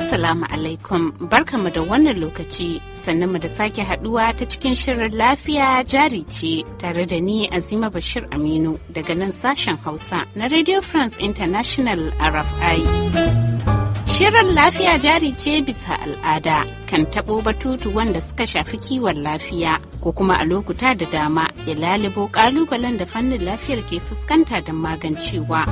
Assalamu alaikum barkamu da wannan lokaci sannan mu da sake haduwa ta cikin shirin lafiya jari ce tare da ni Azima Bashir Aminu daga nan sashen Hausa na Radio France International RFI. Shirin lafiya jari ce bisa al'ada kan taɓo batutu wanda suka shafi kiwon lafiya ko kuma a lokuta da dama ya lalibo kalubalen da fannin lafiyar ke fuskanta don magancewa.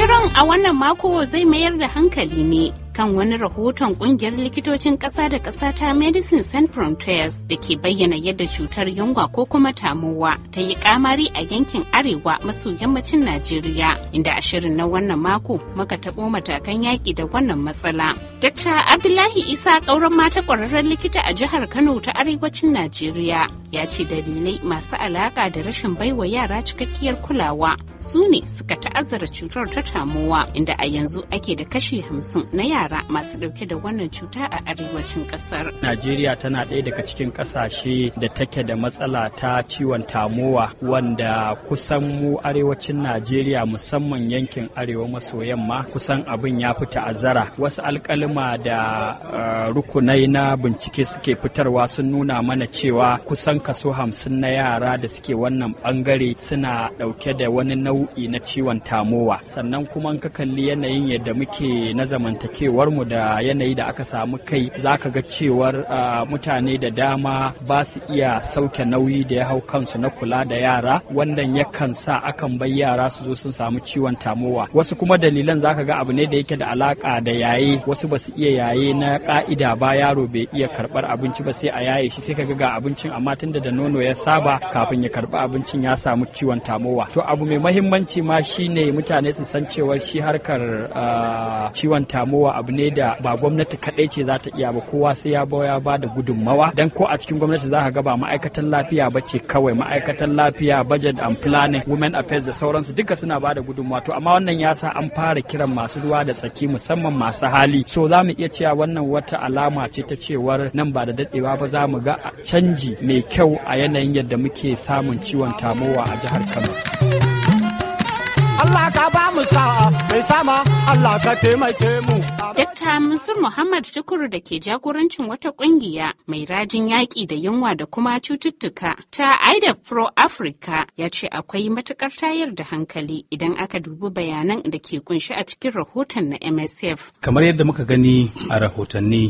Shirin a wannan mako zai mayar da hankali ne kan wani rahoton kungiyar likitocin ƙasa da ƙasa ta Medicine Sans Frontiers da ke bayyana yadda cutar yunwa ko kuma tamowa ta yi kamari a yankin arewa maso yammacin Najeriya inda a shirin na wannan mako muka taɓo matakan yaƙi da wannan matsala. Dr. Abdullahi Isa ƙauren mata ƙwararren likita a jihar Kano ta arewacin Najeriya ya ce dalilai masu alaƙa da rashin baiwa yara cikakkiyar kulawa su ne suka ta'azzara cutar ta tamowa inda a yanzu ake da kashi hamsin na yara masu dauke da wannan cuta a arewacin kasar. Najeriya tana ɗaya daga cikin ƙasashe da take da matsala ta ciwon tamowa wanda kusan mu arewacin Najeriya musamman yankin arewa maso yamma kusan abin ya fi ta'azzara. Wasu alkalima da eh, rukunai na bincike suke fitarwa sun nuna mana cewa kusan kaso hamsin na yara da suke wannan bangare suna ɗauke da wani nau'i na ciwon tamowa sannan kuma ka kalli yanayin yadda muke na zamantakewar mu da yanayi da aka samu kai zaka ga cewar mutane da dama ba su iya sauke nauyi da ya hau kansu na kula da yara wannan yakan sa akan bai yara su zo sun samu ciwon tamowa wasu kuma dalilan zaka ga abu ne da yake da alaka da yaye wasu ba su iya yaye na ka'ida ba yaro bai iya karbar abinci ba sai a yaye shi sai ka ga abincin amma tunda da nono ya saba kafin ya karbi abincin ya samu ciwon tamowa to abu mai muhimmanci ma shine mutane su san cewar shi harkar ah, ciwon tamowa abu ne da ba gwamnati kaɗai ce za ta iya ba kowa sai ya ya ba da gudunmawa dan ko a cikin gwamnati za ka ga ba ma'aikatan lafiya ba ce kawai ma'aikatan lafiya budget and planning women affairs da sauransu duka suna ba da gudunmawa to amma wannan ya sa an fara kiran masu ruwa da tsaki musamman masu hali so za mu iya cewa wannan wata alama ce ta cewar nan ba da daɗewa ba za mu ga canji mai kyau a yanayin yadda muke samun ciwon tamowa a jihar Kano. Allah ka ba mu sa'a mai sama Allah ka taimake mu. Dakta Mansur Muhammad Tukuru da ke jagorancin wata kungiya mai rajin yaƙi da yunwa da kuma cututtuka ta Aida Pro Africa ya ce akwai matukar tayar da hankali idan aka dubi bayanan da ke kunshi a cikin rahoton na MSF. Kamar yadda muka gani a rahotanni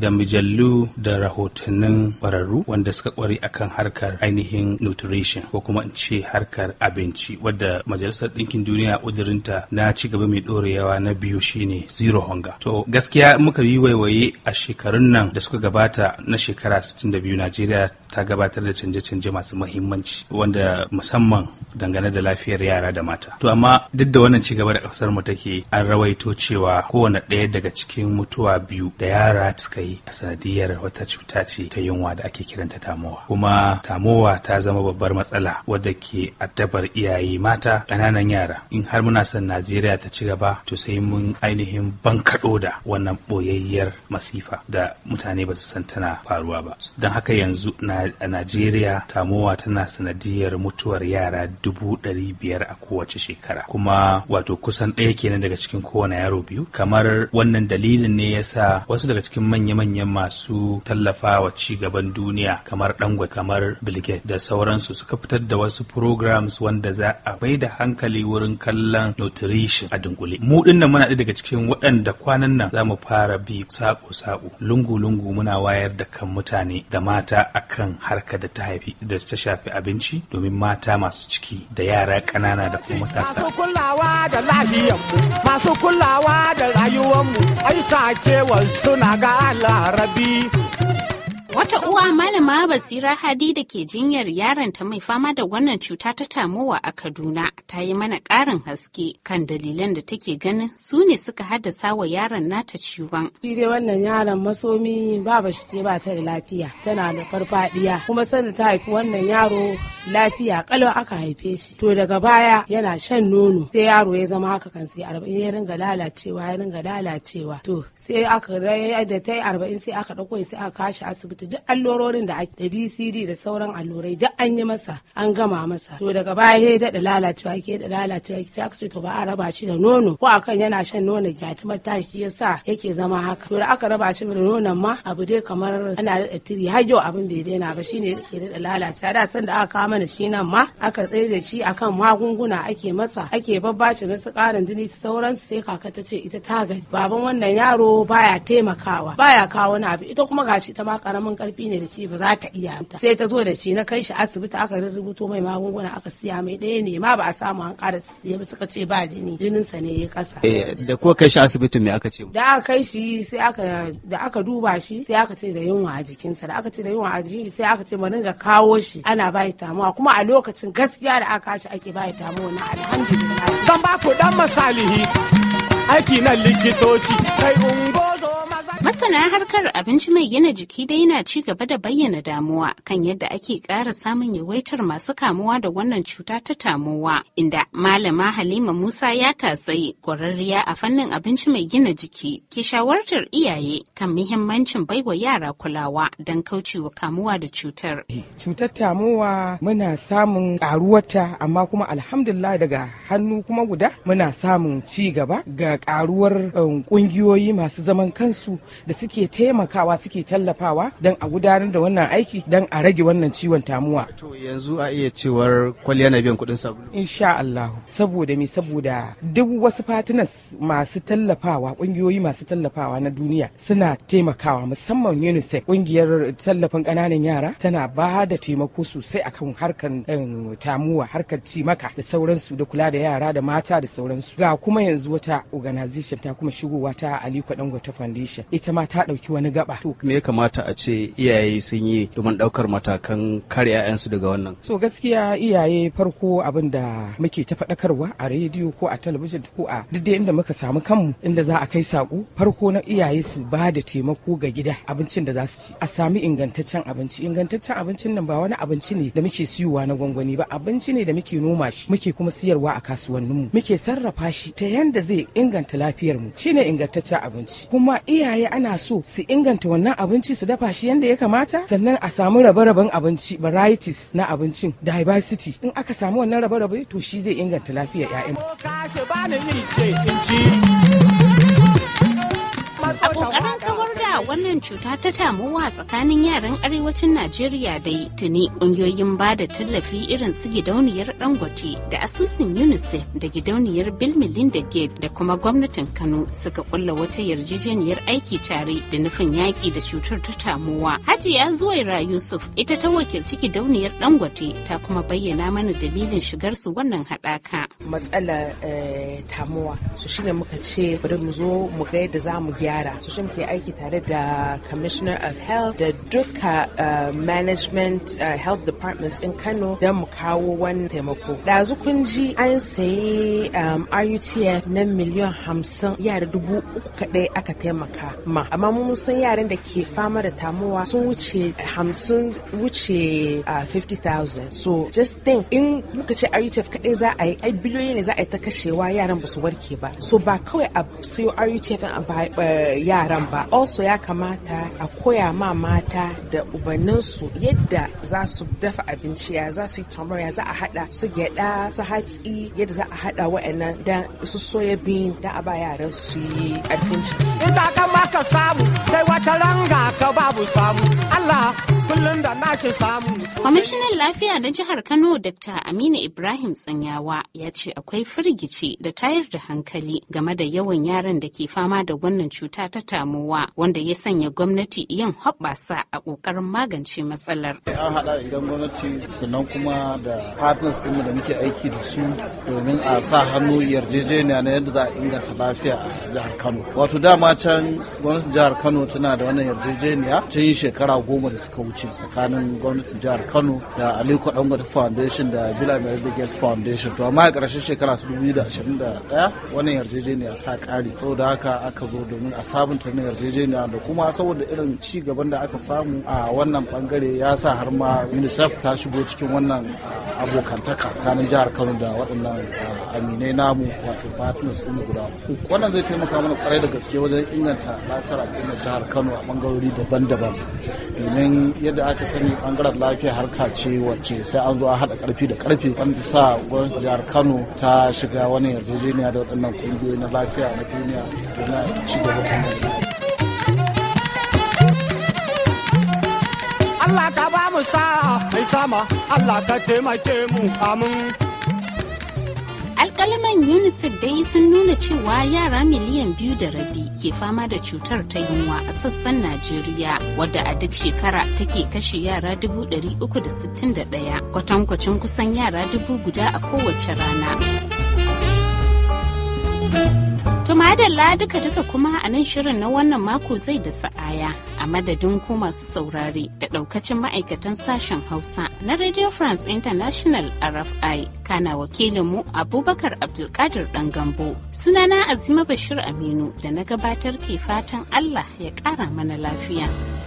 da mujallu da rahotannin ƙwararru wanda suka ƙware akan harkar ainihin nutrition ko kuma in ce harkar abinci wadda Majalisar Ɗinkin Duniya duniya ƙudurinta na ci gaba mai ɗorewa na biyu shine zero hunger to gaskiya muka yi waiwaye a shekarun nan da suka gabata na shekara 62 najeriya ta gabatar da canje-canje masu mahimmanci wanda musamman dangane da lafiyar yara da mata to amma duk da wannan cigaba da ƙasar mu take an rawaito cewa kowane ɗaya daga cikin mutuwa biyu da yara suka yi a sanadiyar wata cuta ce ta yunwa da ake kiranta tamowa kuma tamowa ta zama babbar matsala wadda ke addabar iyaye mata ƙananan yara in har muna son najeriya ta ci gaba to sai mun ainihin bankaɗo da wannan ɓoyayyar masifa da mutane ba su san tana faruwa ba don haka yanzu a najeriya tamowa tana sanadiyar mutuwar yara dubu ɗari biyar a kowace shekara kuma wato kusan ɗaya kenan daga cikin kowane yaro biyu kamar wannan dalilin ne yasa wasu daga cikin manya-manyan masu tallafa wa ci gaban duniya kamar dangwa kamar bilge da sauransu suka fitar da wasu programs wanda za a bai da hankali wurin kallon nutrition a dunkule mu din muna ɗaya daga cikin waɗanda kwanan nan za mu fara bi sako sako lungu lungu muna wayar da kan mutane da mata akan harka da ta haifi da ta shafi abinci domin mata masu ciki da yara ƙanana da kuma matasa masu kulawa da rayuwar masu kulawa da rayuwanmu ai sakewar suna ga larabi Wata uwa malama Basira Hadi da ke jinyar yaronta mai fama da wannan cuta ta tamowa a Kaduna ta yi mana karin haske kan dalilan da take ganin su ne suka haddasa wa yaron nata ciwon. Shi dai wannan yaron masomi ba shi ce ba ta da lafiya tana da farfadiya kuma sanda ta haifi wannan yaro lafiya kalau aka haife shi to daga baya yana shan nono sai yaro ya zama haka kan sai arba'in ya ringa lalacewa ya ringa lalacewa to sai aka da ta yi arba'in sai aka ɗauko sai aka kashi asibiti asibiti duk allurorin da ake da bcd da sauran allurai duk an yi masa an gama masa to daga baya ya daɗa lalacewa ke da lalacewa ke aka ce to ba a raba shi da nono ko akan yana shan nono gyatumar tashi ya sa yake zama haka to da aka raba shi da nonon ma abu dai kamar ana daɗa tiri har yau abin bai daina ba shine ke daɗa lalacewa da san da aka kawo mana shi nan ma aka tsaye da shi akan magunguna ake masa ake babbaci na su ƙarin jini su sauransu sai kaka ta ce ita ta gaji baban wannan yaro baya taimakawa baya kawo wani abu ita kuma gashi ta ma ƙaramin karamin karfi ne da shi ba za ta iya sai ta zo da shi na kai shi asibiti aka rubuto mai magunguna aka siya mai ɗaya ne ma ba a samu an ƙara siya ba suka ce ba jini jinin sa ne ya kasa eh, da ko kai shi asibitin me aka ce da aka kai shi sai aka da aka duba shi sai aka ce da yunwa a jikin sa da aka ce da yunwa a jikin sai aka ce mu dinga kawo shi ana ba shi tamuwa kuma a lokacin gaskiya da aka shi ake ba shi tamuwa na alhamdulillah zan ba ku dan misalihi aiki na likitoci kai ungo Masana harkar abinci mai gina jiki dai na ci gaba da bayyana damuwa kan yadda ake ƙara samun yawaitar masu kamuwa da wannan cuta ta tamuwa inda malama Halima Musa ya tatsayi ƙwararriya a fannin abinci mai gina jiki ke shawartar iyaye kan muhimmancin baiwa yara kulawa don kaucewa kamuwa da cutar. Cutar tamuwa muna samun ƙaruwarta amma kuma alhamdulillah daga hannu kuma guda muna samun ci gaba ga ƙaruwar um, ƙungiyoyi masu zaman kansu da suke taimakawa suke tallafawa don a gudanar da wannan aiki don a rage wannan ciwon tamuwa. To yanzu a iya cewar kwalliya na biyan kuɗin sabulu. Insha Allah saboda me saboda duk wasu fatinas masu tallafawa kungiyoyi masu tallafawa na duniya suna taimakawa musamman UNICEF kungiyar tallafin ƙananan yara tana ba da taimako sosai akan harkar tamuwa harkar cimaka da sauransu da kula da yara da mata da sauransu ga kuma yanzu wata organization ta kuma shigowa ta Aliko Dangote Foundation ita ma ta ɗauki wani gaba. To me ya kamata a ce iyaye sun yi domin ɗaukar matakan kare 'ya'yansu daga wannan? So gaskiya iyaye farko abin da muke ta faɗakarwa a rediyo ko a talabijin ko a duk da inda muka samu kanmu inda za a kai saƙo farko na iyaye su ba da taimako ga gida abincin da za su ci a sami ingantaccen abinci ingantaccen abincin nan ba wani abinci ne da muke siyowa na gwangwani ba abinci ne da muke noma shi muke kuma siyarwa a kasuwanninmu muke sarrafa shi ta yanda zai inganta lafiyarmu shine ingantaccen abinci kuma iyaye ana so su inganta wannan abinci su dafa shi yadda ya kamata sannan a samu rabe-raben abinci varieties na abincin diversity in aka samu wannan rabe-rabe to shi zai inganta lafiyar 'ya'yan. wannan cuta ta tamuwa tsakanin yaran arewacin Najeriya da tuni kungiyoyin ba da tallafi irin su gidauniyar Dangote da asusun UNICEF da gidauniyar Bill Melinda Gates da kuma gwamnatin Kano suka kulla wata yarjejeniyar aiki tare da nufin yaƙi da cutar ta tamuwa. Hajiya Zuwaira Yusuf ita ta wakilci gidauniyar Dangote ta kuma bayyana mana dalilin shigar su wannan haɗaka. Matsala eh, tamuwa su shine muka ce bari mu zo mu ga yadda za mu gyara su shi muke aiki tare da da commissioner of health da duka uh, management uh, health departments in kano don mu kawo wani taimako ɗazu kun ji an sayi um, rutf na miliyan hamsin yara dubu uku kaɗai aka taimaka ma amma mun san yaran da ke fama da tamuwa sun wuce hamsin wuce 50,000 uh, so just think in muka ce rutf kaɗai za a yi ai biliyoyi ne za a yi ta kashewa yaran ba su warke ba so ba kawai a siyo rutf a yaran ba also ya kamata kamata a koya ma mata da ubanninsu yadda za su dafa abinci ya za su yi tamar za a hada su gyada su hatsi yadda za a hada wa'annan da su soya bin da a ba yaran su yi abinci. In wata ranga babu samu. kullum da shi samu. Kwamishinan lafiya na jihar Kano Dr. Aminu Ibrahim Tsanyawa ya ce akwai firgici da tayar da hankali game da yawan yaran da ke fama da wannan cuta ta tamowa wanda ya sanya gwamnati yin hoɓɓasa a ƙoƙarin magance matsalar. An haɗa idan gwamnati sannan kuma da partners ɗinmu da muke aiki da su domin a sa hannu yarjejeniya na yadda za a inganta lafiya a jihar Kano. Wato dama can gwamnatin jihar Kano tana da wannan yarjejeniya tun shekara goma da suka wuce. zumunci tsakanin gwamnatin jihar Kano da Aliko Dangote Foundation da Bila Mary Gates Foundation to amma a ƙarshen shekara 2021 wannan yarjejeniya ta ƙare saboda haka aka zo domin a sabunta wannan yarjejeniya da kuma saboda irin ci gaban da aka samu a wannan bangare ya sa har ma UNICEF ta shigo cikin wannan abokantaka tsakanin jihar Kano da waɗannan ah, aminai namu wato partners ɗin guda wannan zai taimaka mana kwarai da gaske wajen inganta lafiyar al'ummar jihar Kano a bangarori daban-daban domin yadda aka sani bangaren lafiya harka ce wacce sai an zo a haɗa karfi da karfi wanda sa gwamnati jihar kano ta shiga wani yarjejeniya da waɗannan ƙungiyoyi na lafiya na duniya domin ci gaba kuma Allah ka ba mu sa mai sama Allah ka taimake mu amin Alman UNICEF dai sun nuna cewa yara miliyan biyu da rabi ke fama da cutar ta yunwa a sassan Najeriya wadda a duk shekara take kashe yara dubu ɗari uku da sittin da ɗaya kwatankwacin kusan yara dubu guda a kowace rana. To madalla duka-duka kuma a nan shirin na wannan mako zai da sa'aya a madadin ku masu saurare da daukacin ma'aikatan sashen Hausa na Radio France International RFI kana mu Abubakar Abdulkadir dan gambo. Sunana Azima Bashir Aminu da na gabatar ke fatan Allah ya kara mana lafiya.